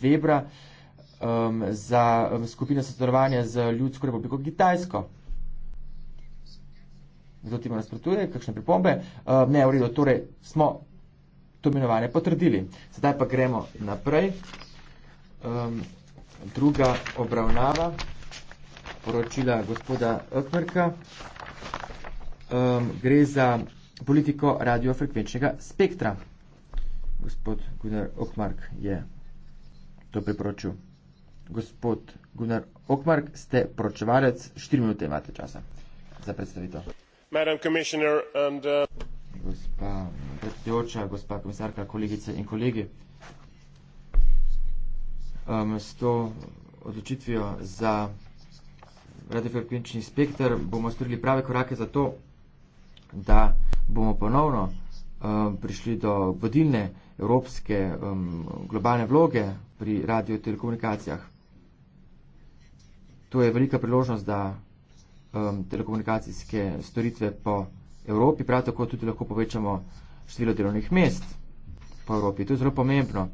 Webra um, za um, skupino sodelovanja z Ljudsko republiko Kitajsko. Kdo ti ima nasprotuje, kakšne pripombe? Um, ne, v redu, torej smo to imenovanje potrdili. Sedaj pa gremo naprej. Um, druga obravnava poročila gospoda Ökmerka um, gre za politiko radiofrekvenčnega spektra. Gospod Gunnar Ökmark je. Yeah to priporočil. Gospod Gunnar Okmark, ste poročevalec, štiri minute imate časa za predstavitev. And, uh... Gospa predsedujoča, gospa komisarka, kolegice in kolegi. Um, s to odločitvijo za radiofrekvenčni spektr bomo storili prave korake za to, da bomo ponovno um, prišli do vodilne evropske um, globalne vloge pri radio telekomunikacijah. To je velika priložnost, da um, telekomunikacijske storitve po Evropi, prav tako tudi lahko povečamo število delovnih mest po Evropi. To je zelo pomembno,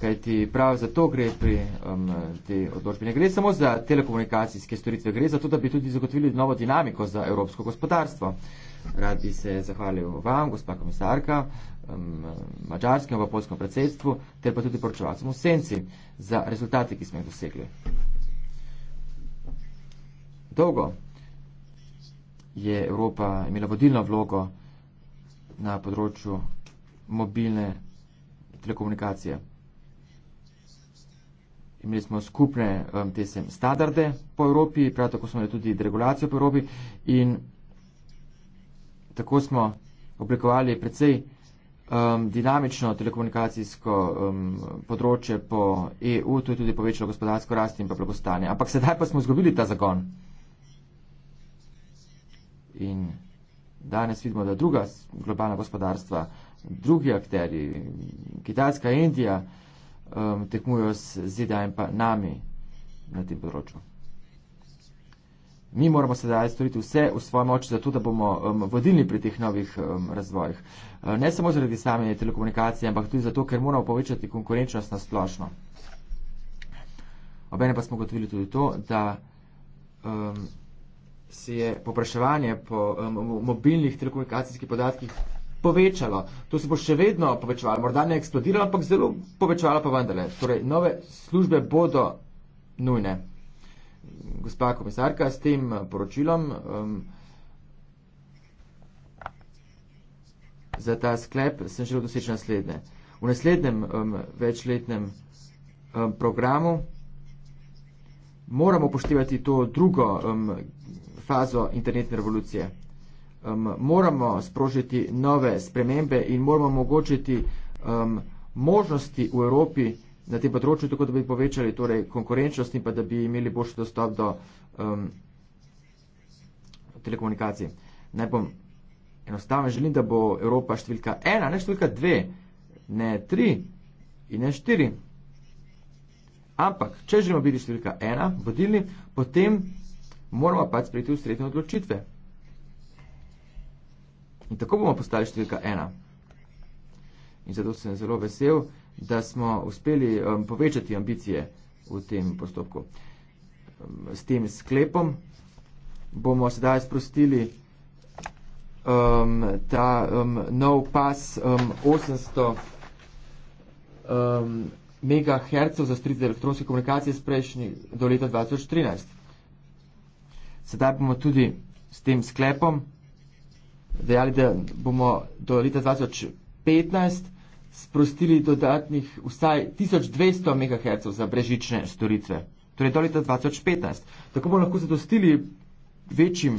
kajti prav za to gre pri um, te odločbi. Ne gre samo za telekomunikacijske storitve, gre za to, da bi tudi zagotovili novo dinamiko za evropsko gospodarstvo. Uh, Rad bi se zahvalil vam, gospa komisarka, mačarskemu, pa polskemu predsedstvu, ter pa tudi poročevalcem v senci za rezultate, ki smo jih dosegli. Dolgo je Evropa imela vodilno vlogo na področju mobilne telekomunikacije. Imeli smo skupne um, standarde po Evropi, prav tako smo imeli tudi deregulacijo po Evropi in tako smo oblikovali precej um, dinamično telekomunikacijsko um, področje po EU, to je tudi povečalo gospodarsko rast in pa blagostanje. Ampak sedaj pa smo izgubili ta zagon. In danes vidimo, da druga globalna gospodarstva, drugi akteri, Kitajska, Indija, um, tekmujo z ZDA in pa nami na tem področju mi moramo sedaj storiti vse v svoji moči, zato da bomo um, vodili pri teh novih um, razvojih. Uh, ne samo zaradi same telekomunikacije, ampak tudi zato, ker moramo povečati konkurenčnost na splošno. Obene pa smo gotovili tudi to, da um, se je popraševanje po um, mobilnih telekomunikacijskih podatkih povečalo. To se bo še vedno povečevalo, morda ne eksplodiralo, ampak zelo povečevalo pa vendarle. Torej, nove službe bodo nujne gospa komisarka, s tem eh, poročilom um, za ta sklep sem želel doseči naslednje. V naslednjem um, večletnem um, programu moramo poštevati to drugo um, fazo internetne revolucije. Um, moramo sprožiti nove spremembe in moramo omogočiti um, možnosti v Evropi, na tem področju, tako da bi povečali torej, konkurenčnost in pa da bi imeli boljši dostop do um, telekomunikacij. Naj bom enostaven, želim, da bo Evropa številka ena, ne številka dve, ne tri in ne štiri. Ampak, če želimo biti številka ena, vodilni, potem moramo pač sprejeti ustrezne odločitve. In tako bomo postali številka ena. In zato sem zelo vesel, da smo uspeli um, povečati ambicije v tem postopku. Um, s tem sklepom bomo sedaj sprostili um, ta um, nov pas um, 800 um, MHz za strice elektronske komunikacije s prejšnji do leta 2013. Sedaj bomo tudi s tem sklepom dejali, da bomo do leta 2015 sprostili dodatnih vsaj 1200 MHz za brežične storitve, torej do leta 2015. Tako bomo lahko zadostili večjim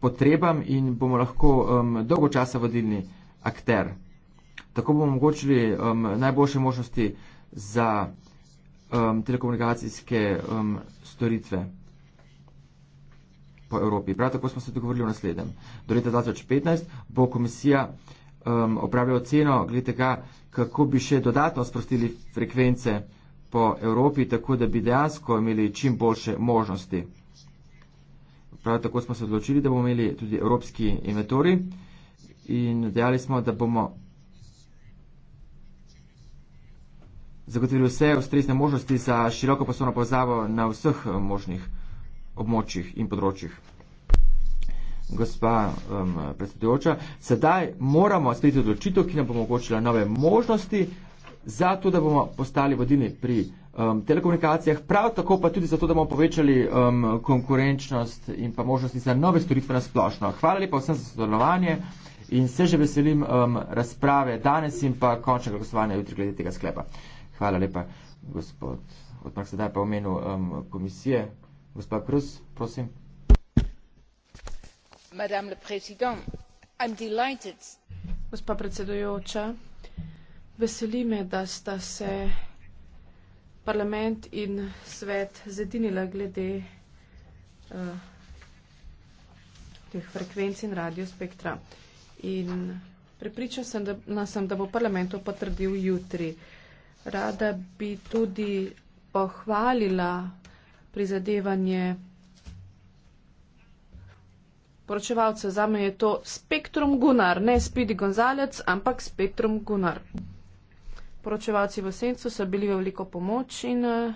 potrebam in bomo lahko um, dolgo časa vodilni akter. Tako bomo omogočili um, najboljše možnosti za um, telekomunikacijske um, storitve po Evropi. Prav tako smo se dogovorili o naslednjem. Do leta 2015 bo komisija um, opravijo oceno glede tega, kako bi še dodatno sprostili frekvence po Evropi, tako da bi dejansko imeli čim boljše možnosti. Prav tako smo se odločili, da bomo imeli tudi evropski inventori in dejali smo, da bomo zagotovili vse ustrezne možnosti za široko poslovno povezavo na vseh možnih območjih in področjih gospa um, predsedujoča, sedaj moramo sprejeti odločitev, ki nam bo omogočila nove možnosti, zato da bomo postali vodilni pri um, telekomunikacijah, prav tako pa tudi zato, da bomo povečali um, konkurenčnost in pa možnosti za nove storitve na splošno. Hvala lepa vsem za sodelovanje in se že veselim um, razprave danes in pa končnega glasovanja jutri glede tega sklepa. Hvala lepa, gospod. Odmah sedaj pa omenil um, komisije. Gospod Krus, prosim gospa predsedujoča veseli me da sta se parlament in svet zedinila glede eh, teh frekvenc in radiospektra in prepričan sem da nas sem da bo parlament to potrdil jutri rada bi tudi pohvalila prizadevanje poročevalce. Za me je to spektrum Gunnar, ne Spidi Gonzalec, ampak spektrum Gunnar. Poročevalci v Sencu so bili veliko pomoč in uh,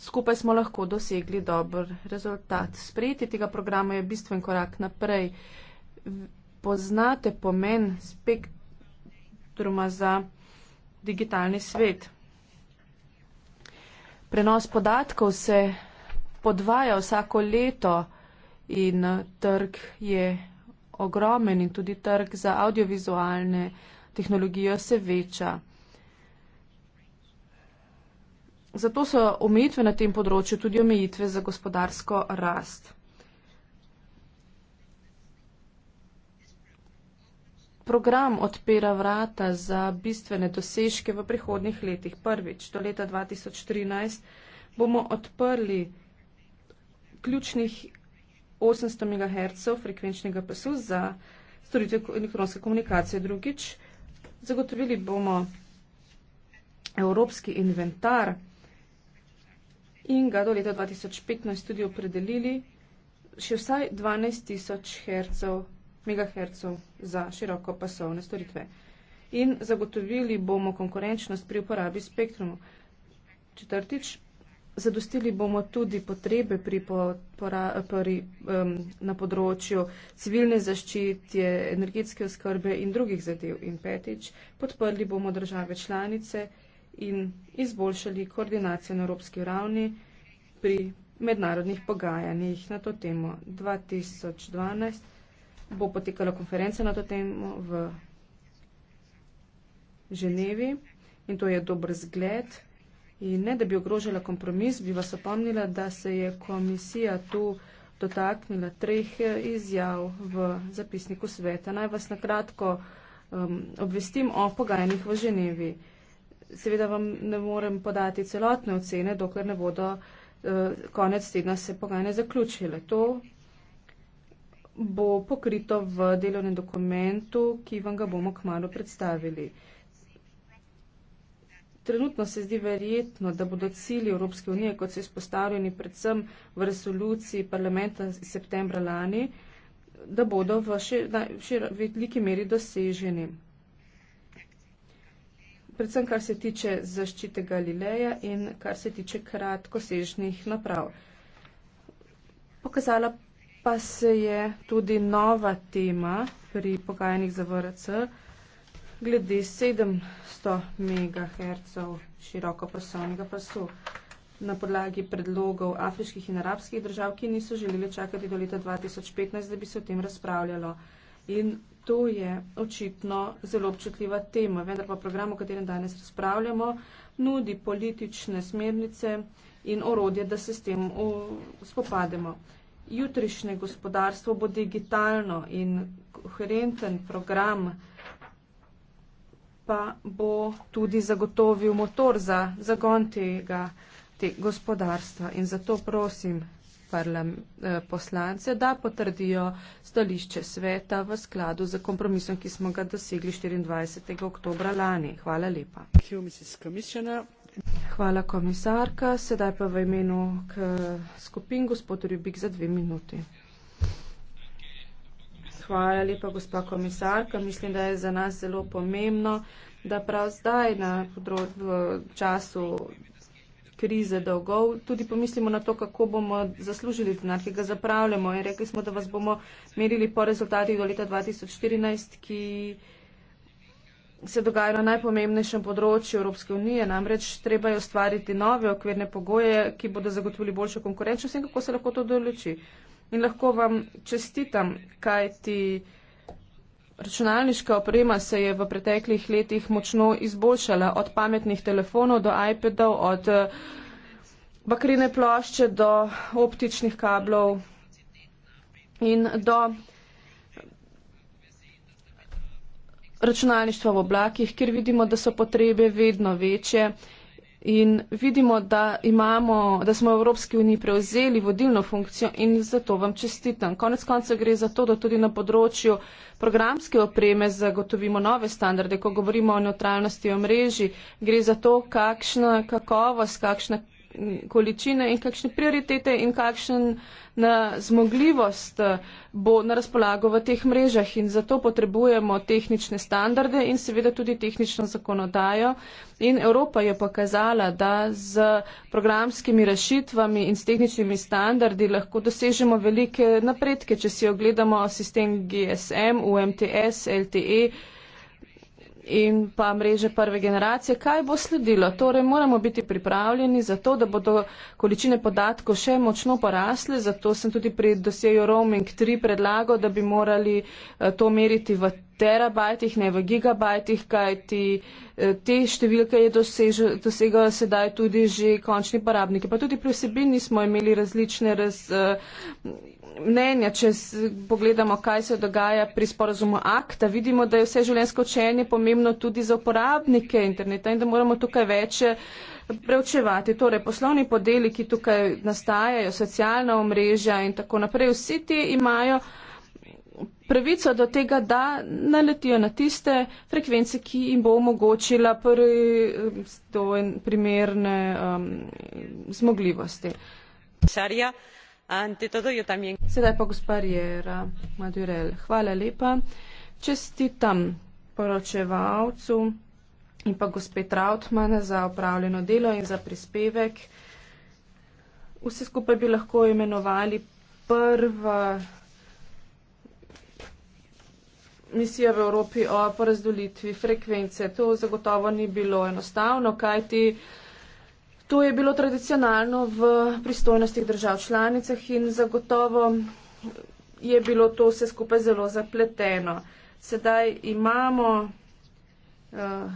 skupaj smo lahko dosegli dober rezultat. Sprejeti tega programa je bistven korak naprej. Poznate pomen spektruma za digitalni svet. Prenos podatkov se podvaja vsako leto in eh, trg je ogromen in tudi trg za audiovizualne tehnologijo se veča. Zato so omejitve na tem področju tudi omejitve za gospodarsko rast. Program odpira vrata za bistvene dosežke v prihodnjih letih. Prvič, do leta 2013, bomo odprli ključnih 800 MHz frekvenčnega pasu za storitev elektronske komunikacije. Drugič, zagotovili bomo evropski inventar in ga do leta 2015 tudi opredelili še vsaj 12 tisoč MHz za široko pasovne storitve. In zagotovili bomo konkurenčnost pri uporabi spektrumu. Četrtič, Zadostili bomo tudi potrebe pri pora, pri, um, na področju civilne zaščite, energetske oskrbe in drugih zadev. In petič, podprli bomo države članice in izboljšali koordinacijo na evropski ravni pri mednarodnih pogajanjih na to temo. 2012 bo potekala konferenca na to temo v Ženevi in to je dober zgled. In ne, da bi ogrožala kompromis, bi vas opomnila, da se je komisija tu dotaknila treh eh, izjav v zapisniku sveta. Naj vas nakratko um, obvestim o pogajanjih v Ženevi. Seveda vam ne morem podati celotne ocene, dokler ne bodo uh, konec tedna se pogajanje zaključile. To bo pokrito v delovnem dokumentu, ki vam ga bomo kmalo predstavili. Uh, Trenutno se zdi verjetno, da bodo cilji Evropske unije, kot so izpostavljeni predvsem v resoluciji parlamenta iz septembra lani, da bodo v še veliki meri doseženi. Predvsem kar se tiče zaščite Galileja in kar se tiče kratkosežnih naprav. Pokazala pa se je tudi nova tema pri pogajanjih za VRC glede 700 MHz širokopasovnega pasu. Na podlagi predlogov afriških in arabskih držav, ki niso želeli čakati do leta 2015, da bi se o tem razpravljalo. In to je očitno zelo občutljiva tema, vendar pa program, o katerem danes razpravljamo, nudi politične smernice in orodje, da se s tem spopademo. Jutrišnje gospodarstvo bo digitalno in koherenten program pa bo tudi zagotovil motor za zagon tega te gospodarstva. In zato prosim parlam, eh, poslance, da potrdijo stališče sveta v skladu z kompromisom, ki smo ga dosegli 24. oktobra lani. Hvala lepa. Hvala komisarka. Sedaj pa v imenu skupin gospod Rubik za dve minuti. Hvala lepa, gospa komisarka. Mislim, da je za nas zelo pomembno, da prav zdaj na času krize dolgov tudi pomislimo na to, kako bomo zaslužili denar, ki ga zapravljamo. In rekli smo, da vas bomo merili po rezultatih do leta 2014, ki se dogaja na najpomembnejšem področju Evropske unije. Namreč treba je ustvariti nove okvirne pogoje, ki bodo zagotovili boljšo konkurenčnost in kako se lahko to določi in lahko vam čestitam, kaj ti računalniška oprema se je v preteklih letih močno izboljšala, od pametnih telefonov do iPadov, od eh, bakrine plošče do optičnih kablov in do računalništva v oblakih, kjer vidimo, da so potrebe vedno večje in vidimo, da, imamo, da smo v Evropski uniji prevzeli vodilno funkcijo in zato vam čestitam. Konec konca gre za to, da tudi na področju programske opreme zagotovimo nove standarde. Ko govorimo o neutralnosti omrežji, gre za to, kakšna kakovost, kakšna količine in kakšne prioritete in kakšna zmogljivost eh, bo na razpolago v teh mrežah. In zato potrebujemo tehnične standarde in seveda tudi tehnično zakonodajo. In Evropa je pokazala, da z programskimi rešitvami in s tehničnimi standardi lahko dosežemo velike napredke, če si ogledamo sistem GSM, UMTS, LTE in pa mreže prve generacije. Kaj bo sledilo? Torej, moramo biti pripravljeni za to, da bodo količine podatkov še močno porasle. Zato sem tudi pri dosjeju Roaming 3 predlagal, da bi morali eh, to meriti v terabajtih, ne v gigabajtih, kajti eh, te številke je dosegal sedaj tudi že končni porabniki. Pa tudi pri vsebini smo imeli različne raz, eh, mnenja, če pogledamo, kaj se dogaja pri sporazumu akta, vidimo, da je vse življenjsko učenje pomembno tudi za uporabnike interneta in da moramo tukaj več eh, preučevati. Torej, poslovni podeli, ki tukaj nastajajo, socialna omrežja in tako naprej, vsi ti imajo pravico do tega, da naletijo na tiste frekvence, ki jim bo omogočila prvi, eh, primerne um, zmogljivosti. Sarja. Sedaj pa gospodarjera Madurel. Hvala lepa. Čestitam poročevalcu in pa gospe Trautmann za upravljeno delo in za prispevek. Vse skupaj bi lahko imenovali prva misija v Evropi o porazdolitvi frekvence. To zagotovo ni bilo enostavno, kajti. To je bilo tradicionalno v pristojnostih držav članicah in zagotovo je bilo to vse skupaj zelo zapleteno. Sedaj imamo uh,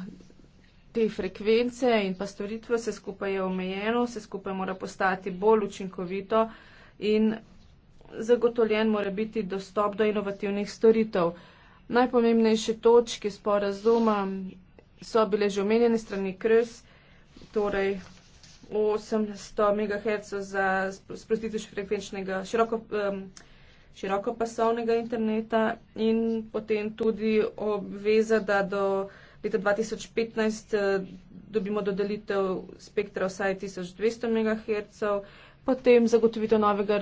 te frekvence in pa storitve, vse skupaj je omejeno, vse skupaj mora postati bolj učinkovito in zagotovljen mora biti dostop do inovativnih storitev. Najpomembnejše točke sporazuma so bile že omenjene strani KRS, torej 800 MHz za sprostitev frekvenčnega široko, um, širokopasovnega interneta in potem tudi obveza, da do leta 2015 eh, dobimo dodelitev spektra vsaj 1200 MHz, potem zagotovitev novega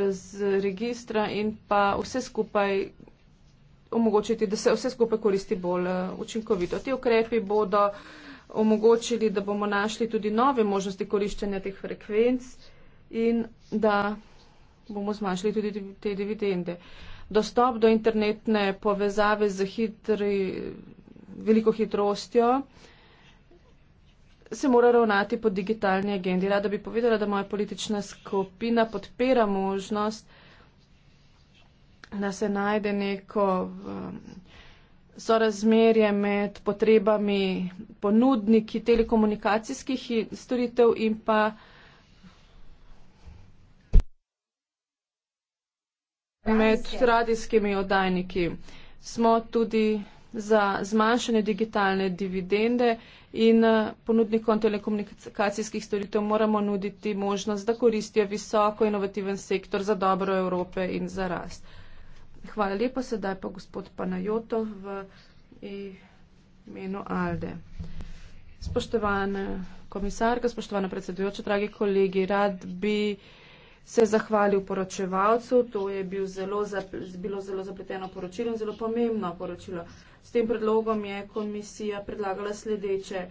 registra in pa vse skupaj omogočiti, da se vse skupaj koristi bolj eh, učinkovito. Ti ukrepi bodo. Uh, omogočili, da bomo našli tudi nove možnosti koriščenja teh frekvenc in da bomo zmanjšali tudi te dividende. Dostop do internetne povezave z hitri, veliko hitrostjo se mora ravnati po digitalni agendi. Rada bi povedala, da moja politična skupina podpira možnost, da se najde neko sorazmerje med potrebami ponudniki telekomunikacijskih storitev in pa med radijskimi oddajniki. Smo tudi za zmanjšanje digitalne dividende in eh, ponudnikom telekomunikacijskih storitev moramo nuditi možnost, da koristijo visoko inovativen sektor za dobro Evrope in za rast. Hvala lepa, sedaj pa gospod Panajotov v imenu Alde. Spoštovana komisarka, spoštovana predsedujoča, dragi kolegi, rad bi se zahvalil poročevalcu. To je bil zelo, bilo zelo zapleteno poročilo in zelo pomembno poročilo. S tem predlogom je komisija predlagala sledeče.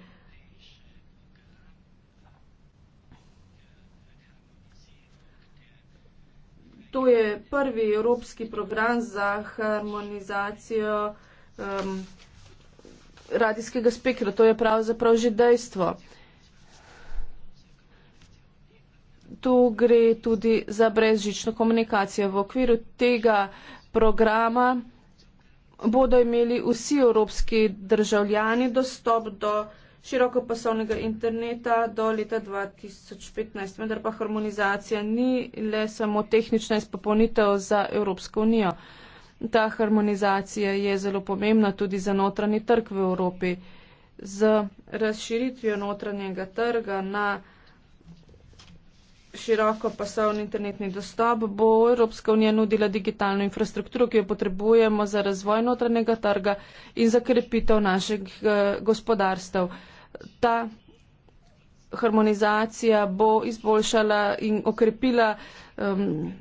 to je prvi evropski program za harmonizacijo um, radijskega spektra. To je pravzaprav že dejstvo. Tu gre tudi za brezžično komunikacijo. V okviru tega programa bodo imeli vsi evropski državljani dostop do širokopasovnega interneta do leta 2015. Vendar pa harmonizacija ni le samo tehnična izpopolnitev za Evropsko unijo. Ta harmonizacija je zelo pomembna tudi za notranji trg v Evropi. Z razširitvijo notranjega trga na široko pasovni internetni dostop bo Evropska unija nudila digitalno infrastrukturo, ki jo potrebujemo za razvoj notranjega trga in za krepitev naših eh, gospodarstv ta harmonizacija bo izboljšala in okrepila um,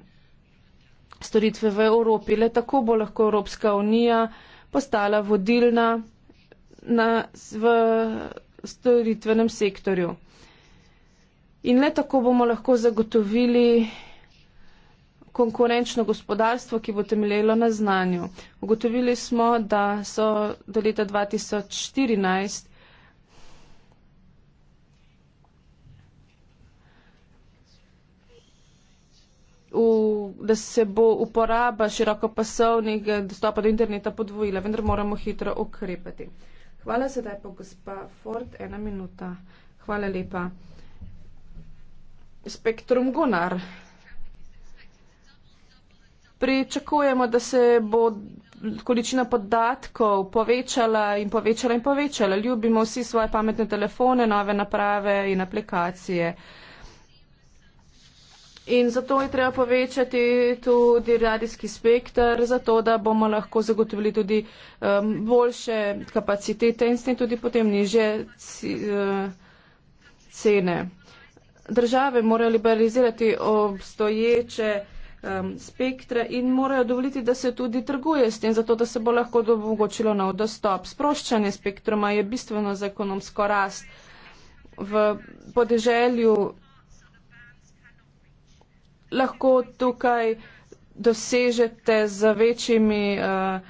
storitve v Evropi. Le tako bo lahko Evropska unija postala vodilna na, v storitvenem sektorju. In le tako bomo lahko zagotovili konkurenčno gospodarstvo, ki bo temeljelo na znanju. Ugotovili smo, da so do leta 2014 v, da se bo uporaba širokopasovnih eh, dostopa do interneta podvojila, vendar moramo hitro ukrepati. Hvala sedaj pa gospa Ford, ena minuta. Hvala lepa. Spektrum Gunnar. Pričakujemo, da se bo količina podatkov povečala in povečala in povečala. Ljubimo vsi svoje pametne telefone, nove naprave in aplikacije. In zato je treba povečati tudi radijski spektr, zato da bomo lahko zagotovili tudi um, boljše kapacitete in s tem tudi potem niže uh, cene. Države morajo liberalizirati obstoječe um, spektre in morajo dovoliti, da se tudi trguje s tem, zato da se bo lahko omogočilo nov dostop. Sproščanje spektroma je bistveno za ekonomsko rast. V podeželju lahko tukaj dosežete z večjimi uh,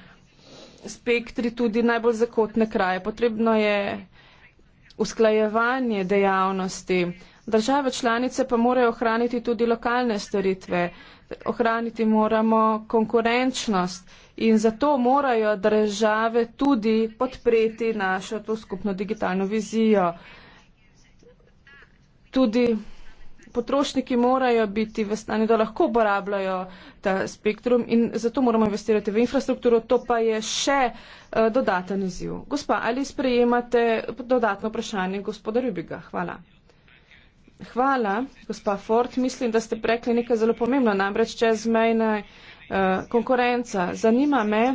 spektri tudi najbolj zakotne kraje. Potrebno je usklajevanje dejavnosti. Države članice pa morajo ohraniti tudi lokalne storitve. Ohraniti moramo konkurenčnost in zato morajo države tudi podpreti našo to skupno digitalno vizijo. Tudi potrošniki morajo biti v stanju, da lahko uporabljajo ta spektrum in zato moramo investirati v infrastrukturo. To pa je še eh, dodaten izziv. Gospa, ali sprejemate dodatno vprašanje gospoda Rubiga? Hvala. Hvala, gospa Ford. Mislim, da ste prekli nekaj zelo pomembno, namreč čezmejna eh, konkurenca. Zanima me,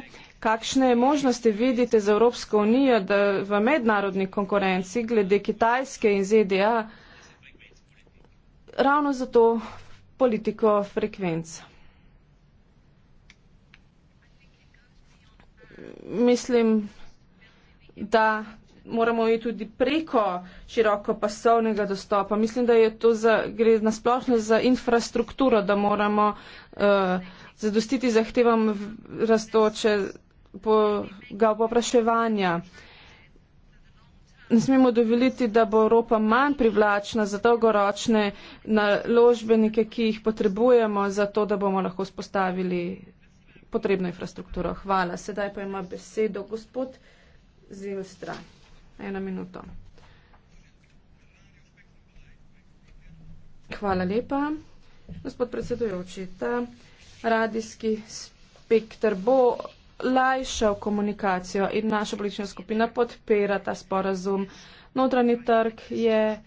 kakšne možnosti vidite za Evropsko unijo, da v mednarodni konkurenci glede Kitajske in ZDA ravno zato politiko frekvenc. Mislim, da moramo iti tudi preko široko pasovnega dostopa. Mislim, da je to za, gre nasplošno za infrastrukturo, da moramo uh, zadostiti zahtevam rastoče po, ga popraševanja. Uh, ne smemo dovoliti, da bo Evropa manj privlačna za dolgoročne naložbenike, ki jih potrebujemo za to, da bomo lahko spostavili potrebno infrastrukturo. Hvala. Sedaj pa ima besedo gospod Zilstra. Eno minuto. Hvala lepa. Gospod predsedujoči, ta radijski spektr bo lajšal komunikacijo in naša politična skupina podpira ta sporazum. Notranji trg je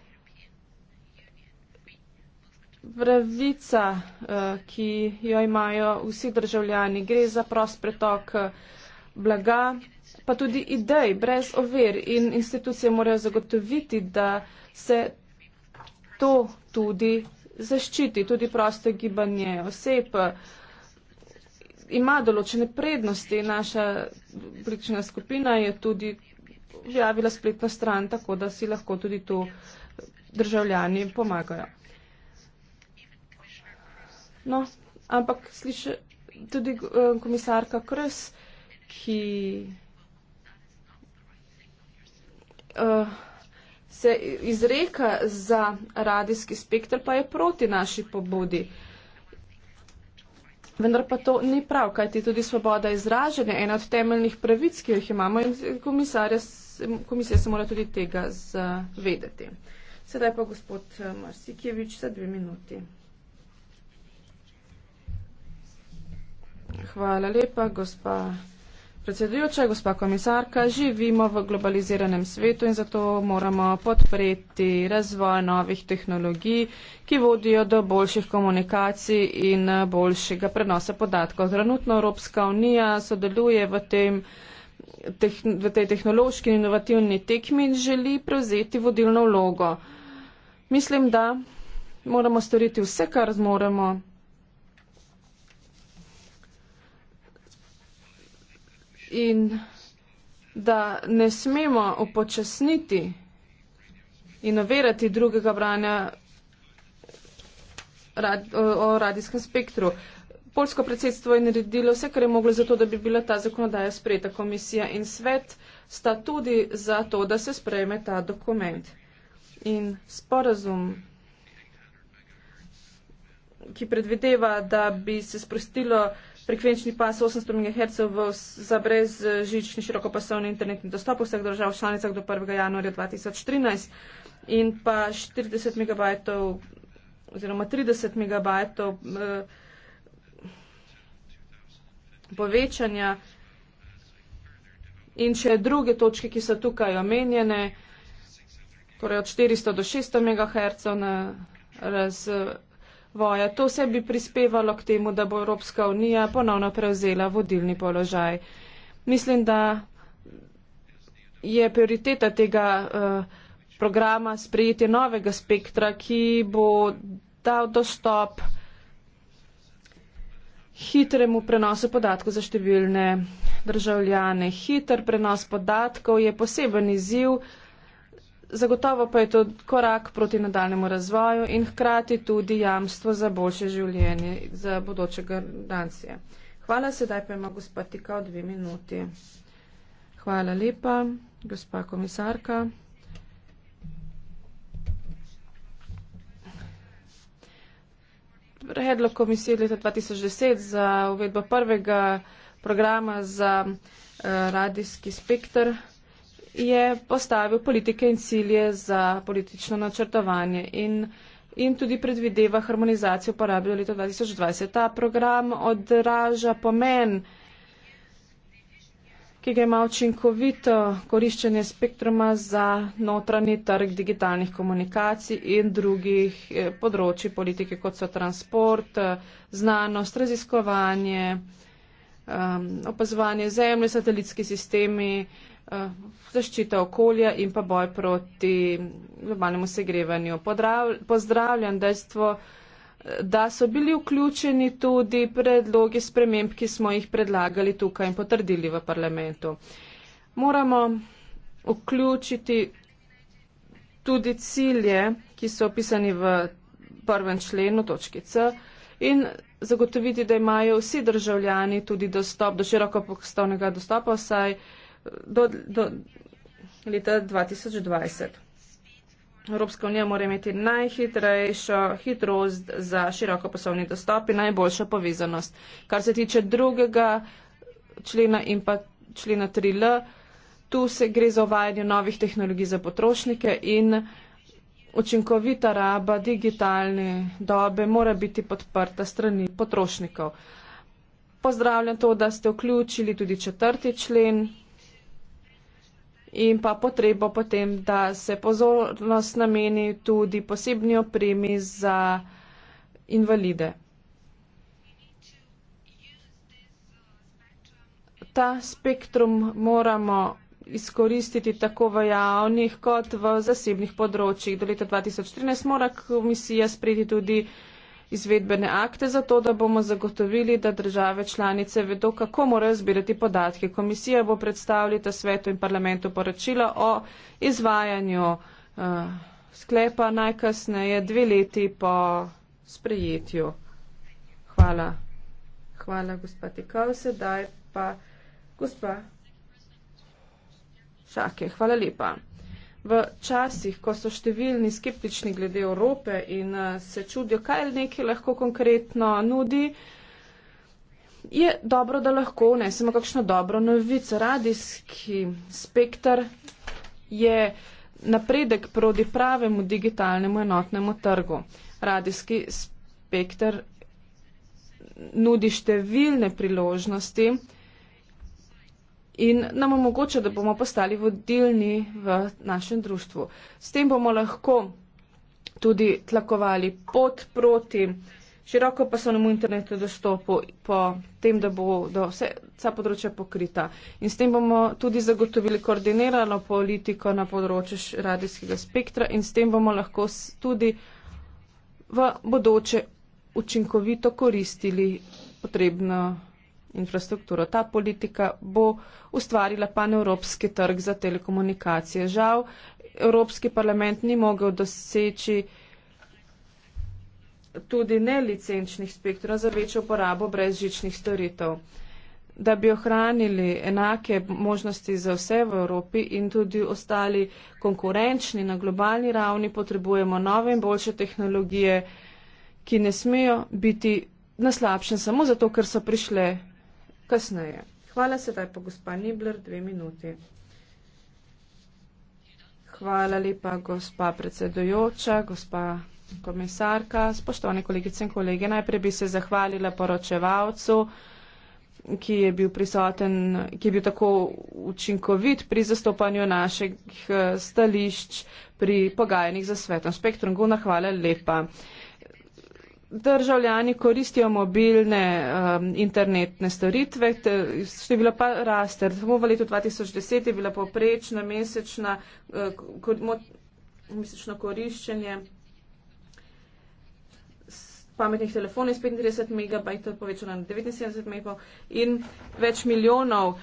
pravica, eh, ki jo imajo vsi državljani. Gre za prost pretok eh, blaga, pa tudi idej, brez ovir in institucije morajo zagotoviti, da se to tudi zaščiti, tudi proste gibanje oseb ima določene prednosti. Naša prična skupina je tudi objavila spletno stran, tako da si lahko tudi tu državljani pomagajo. No, ampak sliši tudi eh, komisarka Kres, ki uh, se izreka za radijski spektr, pa je proti naši pobudi. Uh, Vendar pa to ni prav, kaj ti tudi svoboda izražanja, ena od temeljnih pravic, ki jih imamo in komisija se mora tudi tega zavedati. Sedaj pa gospod eh, Marsikjevič za dve minuti. Hvala lepa, gospa. Predsedujoča, gospa komisarka, živimo v globaliziranem svetu in zato moramo podpreti razvoj novih tehnologij, ki vodijo do boljših komunikacij in eh, boljšega prenosa podatkov. Trenutno Evropska unija sodeluje v, tem, v tej tehnološki in inovativni tekmi in želi prevzeti vodilno vlogo. Mislim, da moramo storiti vse, kar zmoremo in da ne smemo upočasniti in overati drugega branja o radijskem spektru. Polsko predsedstvo je naredilo vse, kar je moglo za to, da bi bila ta zakonodaja sprejeta. Komisija in svet sta tudi za to, da se sprejme ta dokument. In sporazum, ki predvideva, da bi se sprostilo frekvenčni pas 800 MHz za brezžični eh, širokopasovni internetni dostop v vseh državah članicah do 1. januarja 2013 in pa 40 MB oziroma 30 MB eh, povečanja in še druge točke, ki so tukaj omenjene, torej od 400 do 600 MHz na raz. Eh, vojo. To vse bi prispevalo k temu, da bo Evropska unija ponovno prevzela vodilni položaj. Mislim, da je prioriteta tega uh, programa sprejetje novega spektra, ki bo dal dostop hitremu prenosu podatkov za številne državljane. Hiter prenos podatkov je poseben izziv, zagotovo pa je to korak proti nadaljemu razvoju in hkrati tudi jamstvo za boljše življenje za bodoče generacije. Hvala, sedaj pa ima gospa Tika v dve minuti. Hvala lepa, gospa komisarka. Predlog komisije leta 2010 za uvedbo prvega programa za uh, radijski spektr je postavil politike in cilje za politično načrtovanje in, in tudi predvideva harmonizacijo uporabe do leta 2020. Ta program odraža pomen, ki ga ima učinkovito koriščenje spektruma za notranji trg digitalnih komunikacij in drugih eh, področji politike, kot so transport, eh, znanost, raziskovanje, eh, opazovanje zemlje, satelitski sistemi, Eh, zaščita okolja in pa boj proti globalnemu segrevanju. Podrav, pozdravljam dejstvo, da so bili vključeni tudi predlogi sprememb, ki smo jih predlagali tukaj in potrdili v parlamentu. Moramo vključiti tudi cilje, ki so opisani v prvem členu točki C in zagotoviti, da imajo vsi državljani tudi dostop do široko pokostovnega dostopa, saj do, do leta 2020. Evropska unija mora imeti najhitrejšo hitrost za široko poslovni dostop in najboljšo povezanost. Kar se tiče drugega člena in pa člena 3L, tu se gre za uvajanje novih tehnologij za potrošnike in učinkovita raba digitalne dobe mora biti podprta strani potrošnikov. Pozdravljam to, da ste vključili tudi četrti člen in pa potrebo potem, da se pozornost nameni tudi posebni opremi za invalide. Ta spektrum moramo izkoristiti tako v javnih kot v zasebnih področjih. Do leta 2013 mora komisija sprejeti tudi izvedbene akte za to, da bomo zagotovili, da države članice vedo, kako morajo zbirati podatke. Komisija bo predstavljala svetu in parlamentu poročila o izvajanju uh, sklepa najkasneje dve leti po sprejetju. Hvala. Hvala, gospa Tikal. Sedaj pa gospa Šake. Hvala lepa v časih, ko so številni skeptični glede Evrope in eh, se čudijo, kaj neki lahko konkretno nudi, je dobro, da lahko vnesemo kakšno dobro novico. Radijski spektr je napredek proti pravemu digitalnemu enotnemu trgu. Radijski spektr nudi številne priložnosti, in nam omogoča, da bomo postali vodilni v našem društvu. S tem bomo lahko tudi tlakovali pot proti široko pasovnemu internetu dostopu po tem, da bo da vse ta področja pokrita. In s tem bomo tudi zagotovili koordinirano politiko na področju radijskega spektra in s tem bomo lahko tudi v bodoče učinkovito koristili potrebno infrastrukturo. Ta politika bo ustvarila paneuropski trg za telekomunikacije. Žal, Evropski parlament ni mogel doseči tudi nelicenčnih spektrov za večjo uporabo brez žičnih storitev. Da bi ohranili enake možnosti za vse v Evropi in tudi ostali konkurenčni na globalni ravni, potrebujemo nove in boljše tehnologije, ki ne smejo biti naslabšen samo zato, ker so prišle kasneje. Hvala, sedaj pa gospa Nibler, dve minuti. Hvala lepa, gospa predsedojoča, gospa komisarka, spoštovane kolegice in kolege. Najprej bi se zahvalila poročevalcu, ki je bil prisoten, ki je bil tako učinkovit pri zastopanju naših eh, stališč pri pogajanjih za svetom. Spektrum Guna, hvala lepa. Uh, državljani koristijo mobilne um, internetne storitve, število pa raste. Samo v letu 2010 je bila poprečna mesečna, uh, mesečno koriščenje pametnih telefonov iz 35 megabajtov povečano na 79 megabajtov in več milijonov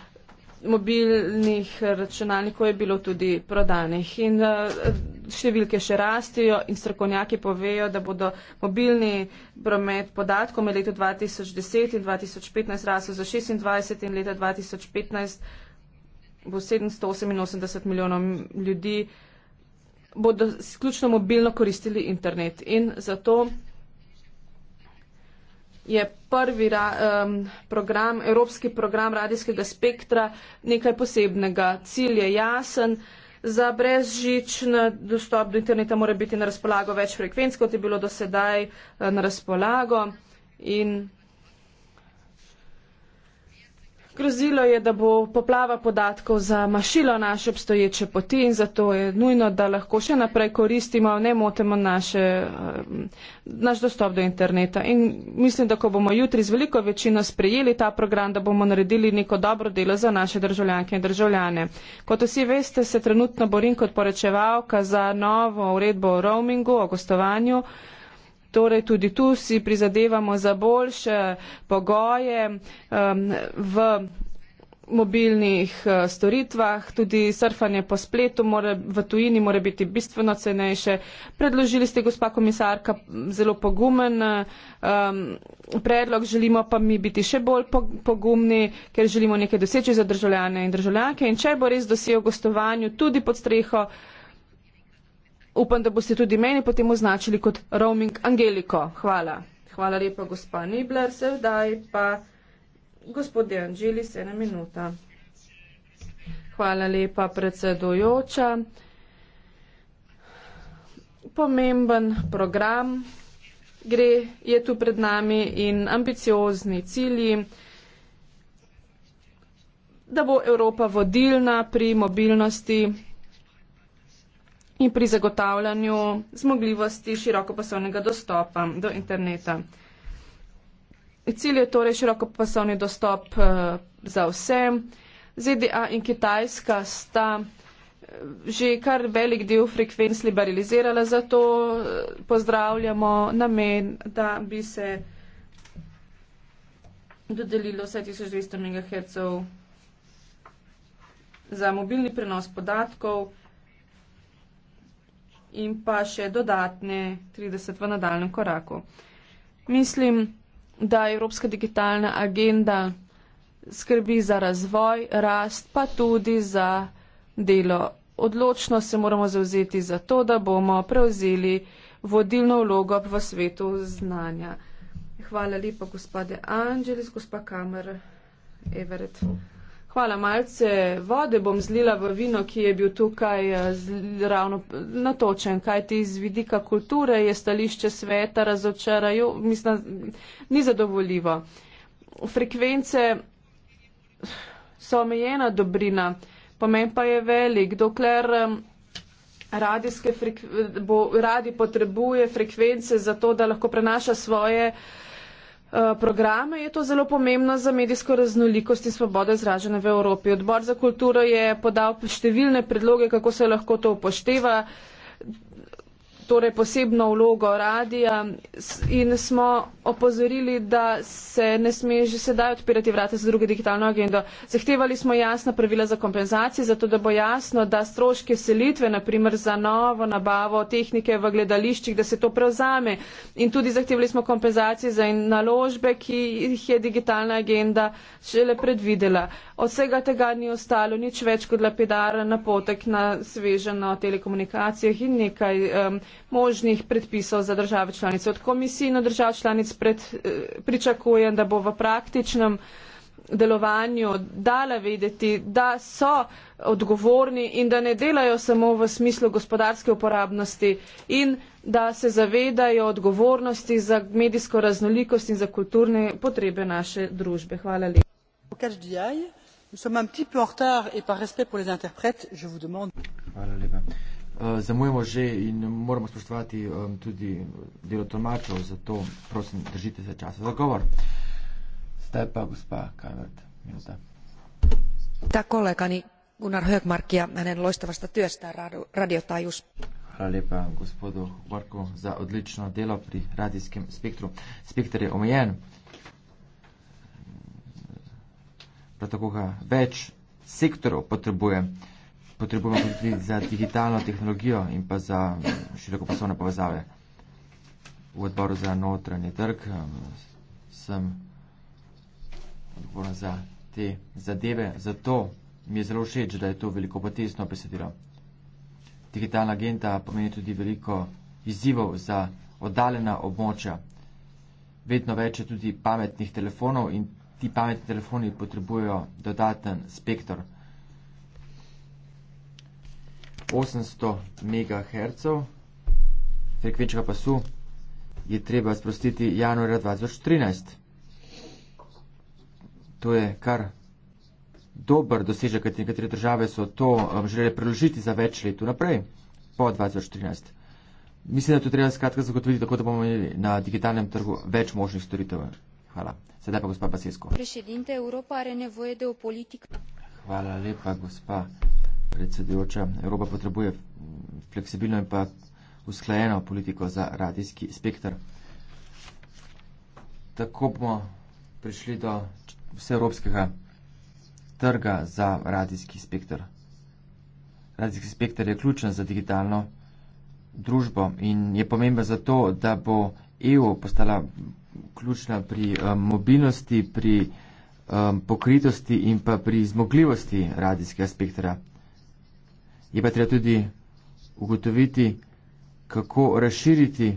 mobilnih računalnikov je bilo tudi prodanih. In, eh, Številke še rastijo in strokovnjaki povejo, da bodo mobilni promet podatkov med letom 2010 in 2015 rasel za 26 in leta 2015 bo 788 milijonov ljudi, bodo sključno mobilno koristili internet. In zato je prvi ra, um, program, evropski program radijskega spektra nekaj posebnega. Cilj je jasen. Za brezžičen dostop do interneta mora biti na razpolago več frekvenc, kot je bilo do sedaj eh, na razpolago. In Grozilo je, da bo poplava podatkov zamašila naše obstoječe poti in zato je nujno, da lahko še naprej koristimo, ne motemo naše, eh, naš dostop do interneta. In mislim, da ko bomo jutri z veliko večino sprejeli ta program, da bomo naredili neko dobro delo za naše državljanke in državljane. Kot vsi veste, se trenutno borim kot porečevalka za novo uredbo o roamingu, o gostovanju. Torej, tudi tu si prizadevamo za boljše pogoje um, v mobilnih uh, storitvah, tudi surfanje po spletu more, v tujini mora biti bistveno cenejše. Predložili ste, gospa komisarka, zelo pogumen um, predlog, želimo pa mi biti še bolj pogumni, ker želimo nekaj doseči za državljane in državljanke. In če bo res dosil gostovanju tudi pod streho, uh, Upam, da boste tudi meni potem označili kot roaming angeliko. Hvala. Hvala lepa, gospa Nibler, sedaj pa gospod Deangeli, sedem minuta. Hvala lepa, predsedujoča. Pomemben program gre, je tu pred nami in ambiciozni cilji, da bo Evropa vodilna pri mobilnosti in pri zagotavljanju zmogljivosti širokopasovnega dostopa do interneta. Cilj je torej širokopasovni dostop eh, za vse. ZDA in Kitajska sta eh, že kar velik del frekvenc liberalizirala, zato eh, pozdravljamo namen, da bi se dodelilo 7200 MHz za mobilni prenos podatkov in pa še dodatne 30 v nadaljem koraku. Mislim, da Evropska digitalna agenda skrbi za razvoj, rast, pa tudi za delo. Odločno se moramo zauzeti za to, da bomo prevzeli vodilno vlogo v svetu znanja. Hvala lepa, gospode Angelis, gospa Kamer, Everett. Hvala, malce vode bom zlila v vino, ki je bil tukaj eh, ravno natočen, kajti iz vidika kulture je stališče sveta razočarajo, mislim, ni zadovoljivo. Frekvence so omejena dobrina, pomen pa je velik, dokler frekve, bo, radi potrebuje frekvence za to, da lahko prenaša svoje. Eh, programe, je to zelo pomembno za medijsko raznolikost in svobodo izražene v Evropi. Odbor za kulturo je podal številne predloge, kako se lahko to upošteva, torej posebno vlogo radija in smo opozorili, da se ne sme že sedaj odpirati vrata za drugo digitalno agendo. Zahtevali smo jasna pravila za kompenzacije, zato da bo jasno, da stroške selitve, naprimer za novo nabavo tehnike v gledališčih, da se to prevzame. In tudi zahtevali smo kompenzacije za naložbe, ki jih je digitalna agenda šele predvidela. Od vsega tega ni ostalo nič več kot lapidar napotek na sveženo telekomunikacijah in nekaj um, možnih predpisov za države članice. Od komisij na države članice pred, eh, pričakujem, da bo v praktičnem delovanju dala vedeti, da so odgovorni in da ne delajo samo v smislu gospodarske uporabnosti in da se zavedajo odgovornosti za medijsko raznolikost in za kulturne potrebe naše družbe. Hvala lepa. Hvala lepa uh, zamujamo že in moramo spoštovati um, tudi delo tolmačev, zato prosim, držite se časa za govor. Zdaj pa gospa Kajvert, minuta. Tako lekani Gunnar Högmark ja hänen loistavasta työstään radio, radiotajus. Hvala gospodu Varku za odlično delo pri radijskem spektru. Spektr je omejen. Prav tako ga več sektorov potrebuje. Uh, potrebujemo tudi za digitalno tehnologijo in pa za široko poslovne povezave. V odboru za notranji trg sem odgovoren za te zadeve, zato mi je zelo všeč, da je to veliko potesno besedilo. Digitalna agenta pomeni tudi veliko izzivov za oddaljena območja. Vedno več je tudi pametnih telefonov in ti pametni telefoni potrebujejo dodaten spektr. 800 MHz frekvenčnega pasu je treba sprostiti januarja 2013. To je kar dober dosežek, kajti nekatere države so to um, želeli preložiti za več let naprej, po 2013. Mislim, da to treba skratka zagotoviti, tako da bomo imeli na digitalnem trgu več možnih storitev. Hvala. Sedaj pa gospa Basesko. Hvala lepa, gospa predsedujoča. Evropa potrebuje mm, fleksibilno in pa usklajeno politiko za radijski spektr. Tako bomo prišli do vseevropskega trga za radijski spektr. Radijski spektr je ključen za digitalno družbo in je pomemben zato, da bo EU postala ključna pri um, mobilnosti, pri um, pokritosti in pa pri zmogljivosti radijskega spektra je pa treba tudi ugotoviti, kako razširiti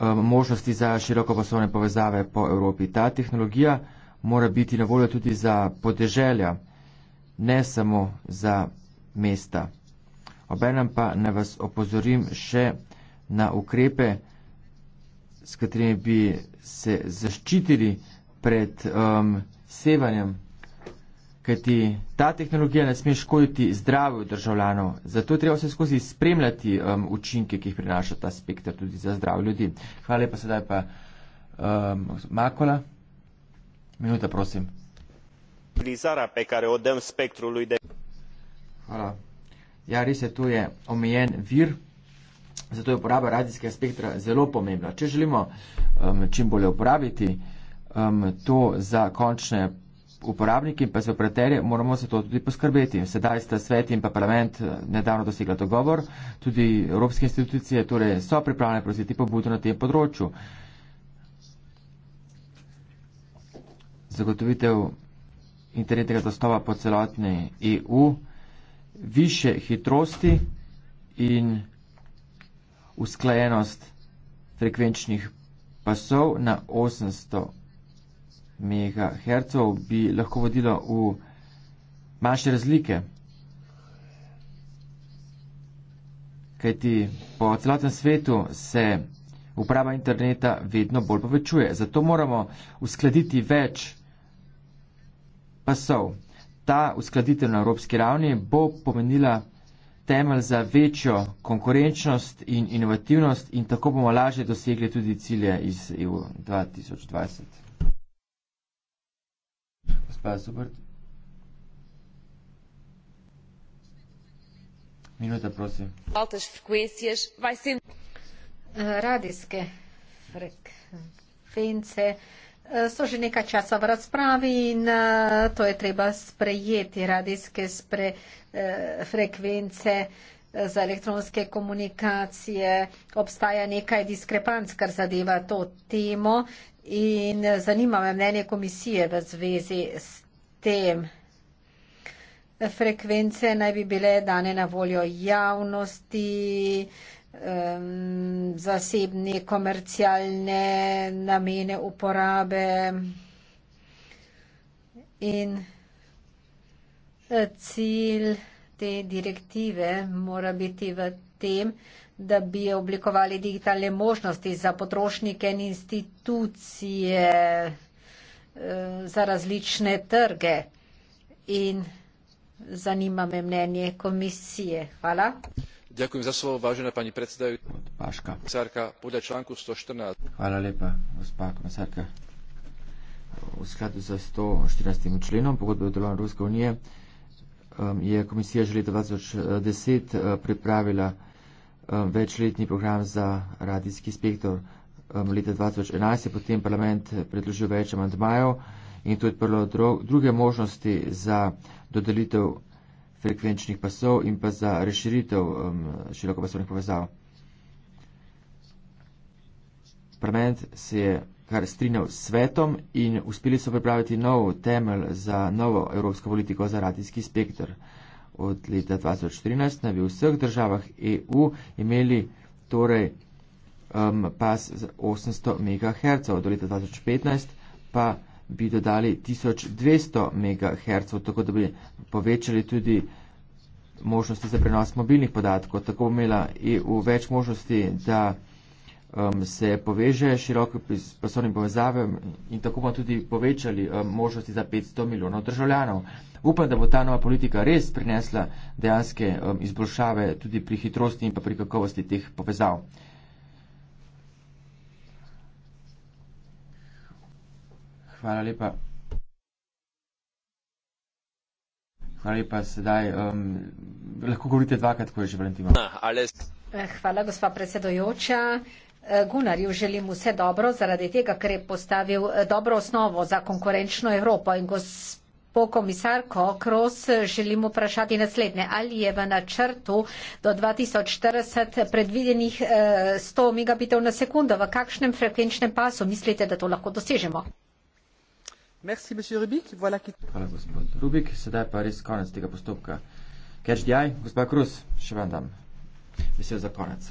eh, možnosti za široko poslovne povezave po Evropi. Ta tehnologija mora biti na voljo tudi za podeželja, ne samo za mesta. Obenem pa ne vas opozorim še na ukrepe, s katerimi bi se zaščitili pred um, sevanjem kajti ta tehnologija ne sme škoditi zdravju državljanov. Zato je treba vse skozi spremljati um, učinke, ki jih prinaša ta spektr tudi za zdrav ljudi. Hvala lepa sedaj pa um, Makola. Minuta, prosim. Prizara, pe kar je odem spektru ljudi. Hvala. Ja, res je, tu je omejen vir. Zato je uporaba radijskega spektra zelo pomembna. Če želimo um, čim bolje uporabiti um, to za končne uporabniki in pa se operaterje, moramo za to tudi poskrbeti. Sedaj sta svet in pa parlament eh, nedavno dosegla dogovor, tudi evropske institucije torej so pripravljene prositi pobudo na tem področju. Zagotovitev internetnega dostopa po celotni EU, više hitrosti in usklajenost frekvenčnih pasov na 800. MHz bi lahko vodilo v manjše razlike. Kajti po celotnem svetu se uporaba interneta vedno bolj povečuje. Zato moramo uskladiti več pasov. Ta uskladitev na evropski ravni bo pomenila temelj za večjo konkurenčnost in inovativnost in tako bomo lažje dosegli tudi cilje iz EU 2020. Password. Minuta, prosim. Altas frekvencijas, vai sim. Eh, radijske frekvence eh, so že nekaj časa v razpravi in eh, to je treba sprejeti, radijske spre, frekvence za elektronske komunikacije obstaja nekaj diskrepanc, kar zadeva to temo in zanima me mnenje komisije v zvezi s tem. Frekvence naj bi bile dane na voljo javnosti, zasebne, komercialne namene uporabe in eh, cilj te direktive mora biti v tem, da bi oblikovali digitalne možnosti za potrošnike in institucije eh, za različne trge. In zanima me mnenje komisije. Hvala. Ďakujem za slovo, vážená pani predsedajúca. Páška. podľa článku 114. Hvala lepa, gospa komisárka. V skladu so 114. členom pogodbe o delovanju Ruske unije Um, je komisija že leta 2010 uh, pripravila um, večletni program za radijski spektor. Um, leta 2011 je potem parlament predložil več amantmajev in to je odprlo druge možnosti za dodelitev frekvenčnih pasov in pa za reširitev širokopasovnih povezav. Parlament se je kar strinjal s svetom in uspeli so pripraviti nov temelj za novo evropsko politiko za radijski spektr. Od leta 2014 naj bi v vseh državah EU imeli torej um, pas 800 MHz, do leta 2015 pa bi dodali 1200 MHz, tako da bi povečali tudi možnosti za prenos mobilnih podatkov. Tako bi imela EU več možnosti, da um, se poveže široko s poslovnim povezavem in tako bomo tudi povečali um, možnosti za 500 milijonov državljanov. Upam, da bo ta nova politika res prinesla dejanske um, izboljšave tudi pri hitrosti in pa pri kakovosti teh povezav. Hvala lepa. Hvala lepa, sedaj um, lahko govorite dvakrat, ko je že Valentina. Eh, hvala, gospa predsedojoča. Uh, Eh, Gunarju želim vse dobro zaradi tega, ker je postavil eh, dobro osnovo za konkurenčno Evropo in gospo komisarko Kros eh, želim vprašati naslednje. Ali je v načrtu do 2040 predvidenih 100 megabitov na sekundo? V kakšnem frekvenčnem pasu mislite, da to lahko dosežemo? Merci, Rubik. Voilà qui... Hvala, gospod Rubik. Sedaj pa res konec tega postopka. Ker ždjaj, gospod Kruz, še vam dam. Mislim, za konec.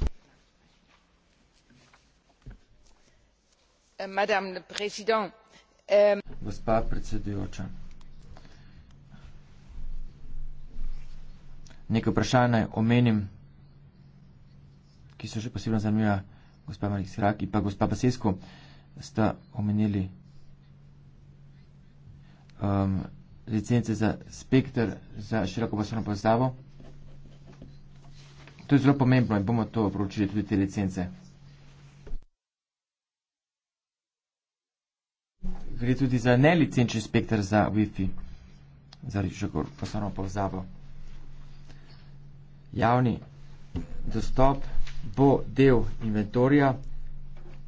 gospa predsedujoča. Nekaj vprašanj naj omenim, ki so še posebno zanimiva, gospa Marik Sirak in pa gospa Pasesko sta omenili um, licence za spektr za široko pasovno povezavo. To je zelo pomembno in bomo to proučili tudi te licence. gre tudi za nelicenčen spektr za Wi-Fi. Zdaj, če kar posebno povzabo. Javni dostop bo del inventorija.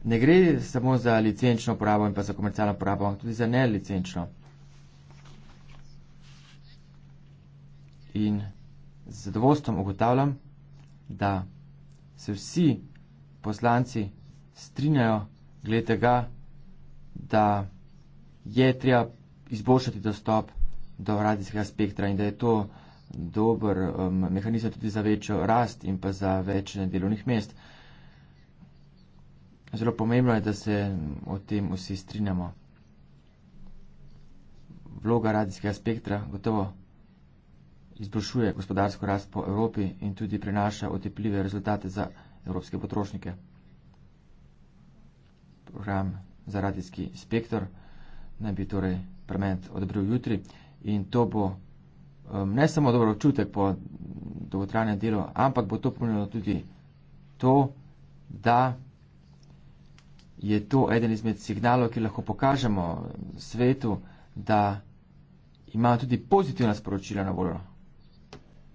Ne gre samo za licenčno uporabo in pa za komercialno uporabo, ampak tudi za nelicenčno. In z zadovoljstvom ugotavljam, da se vsi poslanci strinjajo glede tega, da je treba izboljšati dostop do radijskega spektra in da je to dober um, mehanizem tudi za večjo rast in pa za več delovnih mest. Zelo pomembno je, da se o tem vsi strinjamo. Vloga radijskega spektra gotovo izboljšuje gospodarsko rast po Evropi in tudi prinaša otepljive rezultate za evropske potrošnike. Program za radijski spektr naj bi torej prement odobril jutri in to bo um, ne samo dobro občutek po dolgotrajnem delu, ampak bo to pomenilo tudi to, da je to eden izmed signalov, ki lahko pokažemo svetu, da ima tudi pozitivna sporočila na voljo.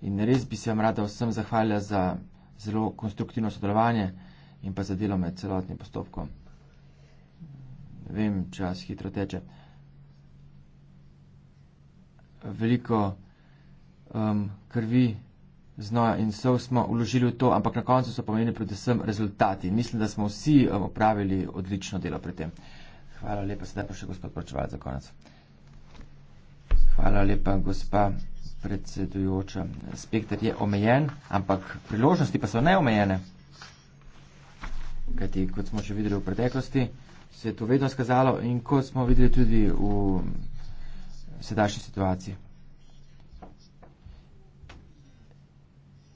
In res bi se vam rada vsem zahvalila za zelo konstruktivno sodelovanje in pa za delo med celotnim postopkom vem, čas hitro teče. Veliko um, krvi, znoja in sov smo uložili v to, ampak na koncu so pomenili predvsem rezultati. Mislim, da smo vsi um, opravili um, odlično delo pri tem. Hvala lepa, sedaj pa še gospod Pročevalc za konec. Hvala lepa, gospa predsedujoča. Spektr je omejen, ampak priložnosti pa so neomejene. Kajti, kot smo že videli v preteklosti, se je to vedno skazalo in kot smo videli tudi v sedajšnji situaciji.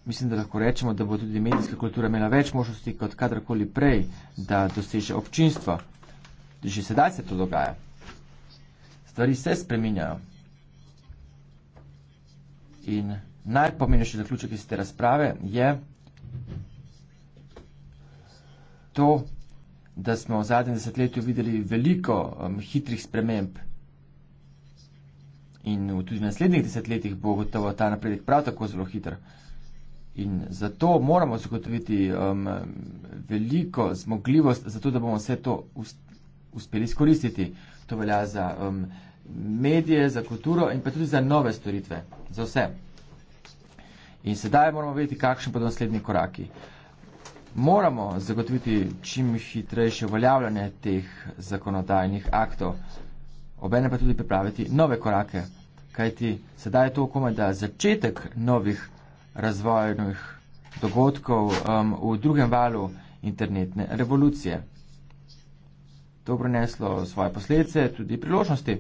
Mislim, da lahko rečemo, da bo tudi medijska kultura imela več možnosti kot kadarkoli prej, da doseže občinstvo. Že sedaj se to dogaja. Stvari se spreminjajo. In najpomembnejši zaključek iz te razprave je to, da smo v zadnjem desetletju videli veliko um, hitrih sprememb. In v tudi naslednjih desetletjih bo gotovo ta napredek prav tako zelo hiter. In zato moramo zagotoviti um, veliko zmogljivost, zato da bomo vse to us uspeli izkoristiti. To velja za um, medije, za kulturo in pa tudi za nove storitve, za vse. In sedaj moramo vedeti, kakšni bodo naslednji koraki. Uh, moramo zagotoviti čim hitrejše uveljavljanje teh zakonodajnih aktov, obene pa tudi pripraviti nove korake, kajti sedaj je to komaj da začetek novih razvojnih dogodkov um, v drugem valu internetne revolucije. To preneslo svoje posledice, tudi priložnosti.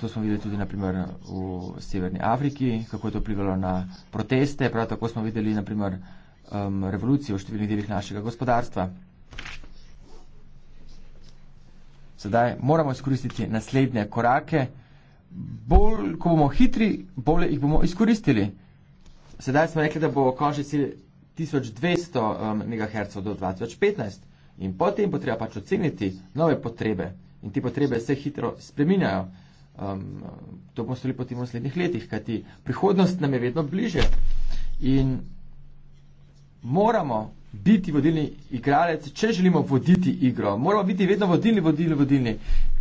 To smo videli tudi naprimer v Severni Afriki, kako je to vplivalo na proteste, prav tako smo videli naprimer um, revolucijo v številnih delih našega gospodarstva. Sedaj moramo izkoristiti naslednje korake. Bolj, ko bomo hitri, bolj jih bomo izkoristili. Sedaj smo rekli, da bo končni cilj 1200 um, MHz do 2015 in potem bo treba pač oceniti nove potrebe in te potrebe se hitro spreminjajo. Um, to bomo stali potem v naslednjih letih, kajti prihodnost nam je vedno bliže in moramo biti vodilni igralec, če želimo voditi igro. Moramo biti vedno vodilni, vodilni, vodilni.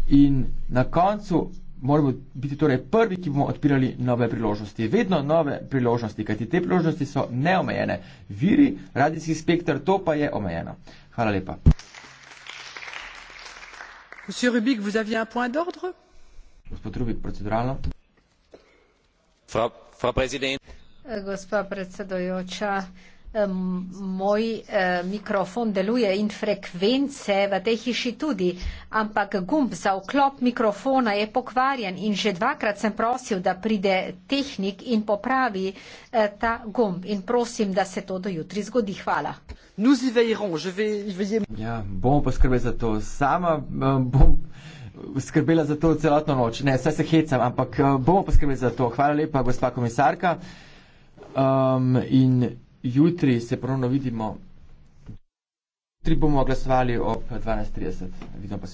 In na koncu moramo biti torej prvi, ki bomo odpirali nove priložnosti. Vedno nove priložnosti, kajti te priložnosti so neomejene. Viri, radijski spektr, to pa je omejeno. Hvala lepa. Monsieur Rubik, vous aviez un point d'ordre Gospod Rubik, proceduralno. Frau, Frau Präsident. Gospa predsedujoča, moj e, mikrofon deluje in frekvence v tej hiši tudi, ampak gumb za vklop mikrofona je pokvarjen in že dvakrat sem prosil, da pride tehnik in popravi e, ta gumb in prosim, da se to do jutri zgodi. Hvala. Ja, bom poskrbel za to. Sama e, bom skrbela za to celotno noč. Ne, saj se hecam, ampak bomo poskrbeli za to. Hvala lepa, gospa komisarka. Um, in jutri se ponovno vidimo. Tri bomo glasovali ob 12.30. Vidimo pa se.